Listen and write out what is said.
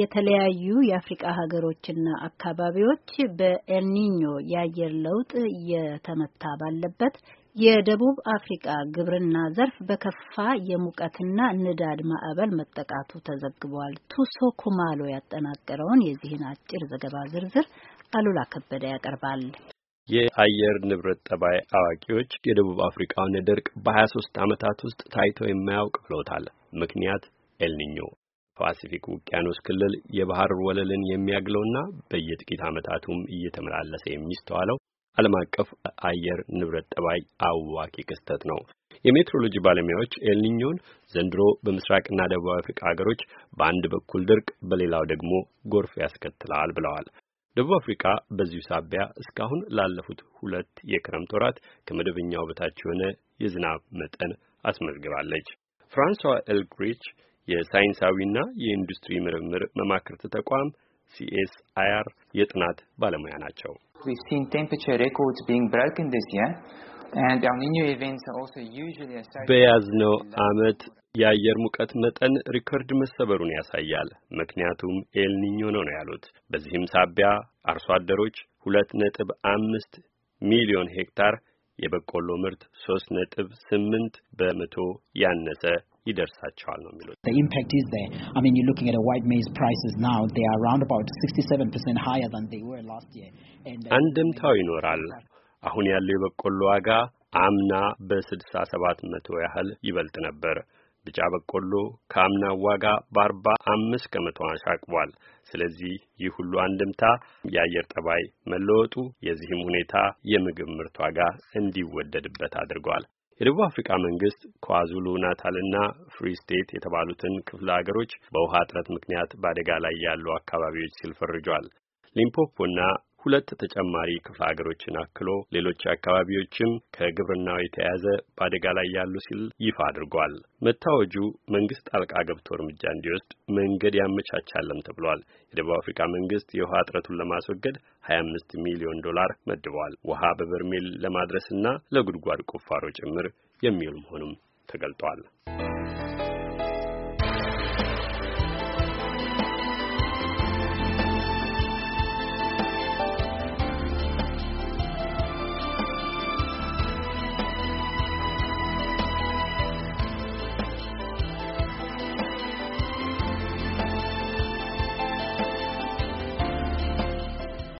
የተለያዩ የአፍሪቃ ሀገሮችና አካባቢዎች በኤልኒኞ የአየር ለውጥ እየተመታ ባለበት የደቡብ አፍሪቃ ግብርና ዘርፍ በከፋ የሙቀትና ንዳድ ማዕበል መጠቃቱ ተዘግቧል። ቱሶ ኩማሎ ያጠናቀረውን የዚህን አጭር ዘገባ ዝርዝር አሉላ ከበደ ያቀርባል። የአየር ንብረት ጠባይ አዋቂዎች የደቡብ አፍሪቃውን ድርቅ በ23 ዓመታት ውስጥ ታይቶ የማያውቅ ብለውታል። ምክንያት ኤልኒኞ ፓሲፊክ ውቅያኖስ ክልል የባህር ወለልን የሚያግለውና በየጥቂት ዓመታቱም እየተመላለሰ የሚስተዋለው ዓለም አቀፍ አየር ንብረት ጠባይ አዋኪ ክስተት ነው። የሜትሮሎጂ ባለሙያዎች ኤልኒኞን ዘንድሮ በምስራቅና ደቡብ አፍሪካ ሀገሮች በአንድ በኩል ድርቅ፣ በሌላው ደግሞ ጎርፍ ያስከትላል ብለዋል። ደቡብ አፍሪካ በዚሁ ሳቢያ እስካሁን ላለፉት ሁለት የክረምት ወራት ከመደበኛው በታች የሆነ የዝናብ መጠን አስመዝግባለች። ፍራንሷ ኤልግሪች የሳይንሳዊና የኢንዱስትሪ ምርምር መማክርት ተቋም ሲኤስአይአር የጥናት ባለሙያ ናቸው። በያዝነው ዓመት የአየር ሙቀት መጠን ሪከርድ መሰበሩን ያሳያል። ምክንያቱም ኤልኒኞ ነው ነው ያሉት። በዚህም ሳቢያ አርሶ አደሮች ሁለት ነጥብ አምስት ሚሊዮን ሄክታር የበቆሎ ምርት ሶስት ነጥብ ስምንት በመቶ ያነሰ ይደርሳቸዋል ነው የሚሉት። uh, አንድምታው ይኖራል። አሁን ያለው የበቆሎ ዋጋ አምና በ67 መቶ ያህል ይበልጥ ነበር። ቢጫ በቆሎ ከአምናው ዋጋ በአርባ አምስት ከመቶ አንሻቅቧል። ስለዚህ ይህ ሁሉ አንድምታ የአየር ጠባይ መለወጡ የዚህም ሁኔታ የምግብ ምርት ዋጋ እንዲወደድበት አድርጓል። የደቡብ አፍሪካ መንግስት ኳዙሉ ናታልና ፍሪ ስቴት የተባሉትን ክፍለ ሀገሮች በውሃ እጥረት ምክንያት በአደጋ ላይ ያሉ አካባቢዎች ሲል ፈርጇል። ሊምፖፖና ሁለት ተጨማሪ ክፍለ ሀገሮችን አክሎ ሌሎች አካባቢዎችም ከግብርናው የተያያዘ በአደጋ ላይ ያሉ ሲል ይፋ አድርጓል። መታወጁ መንግስት ጣልቃ ገብቶ እርምጃ እንዲወስድ መንገድ ያመቻቻለም ተብሏል። የደቡብ አፍሪካ መንግስት የውሃ እጥረቱን ለማስወገድ 25 ሚሊዮን ዶላር መድቧል። ውሃ በበርሜል ለማድረስና ለጉድጓድ ቁፋሮ ጭምር የሚውል መሆኑም ተገልጧል።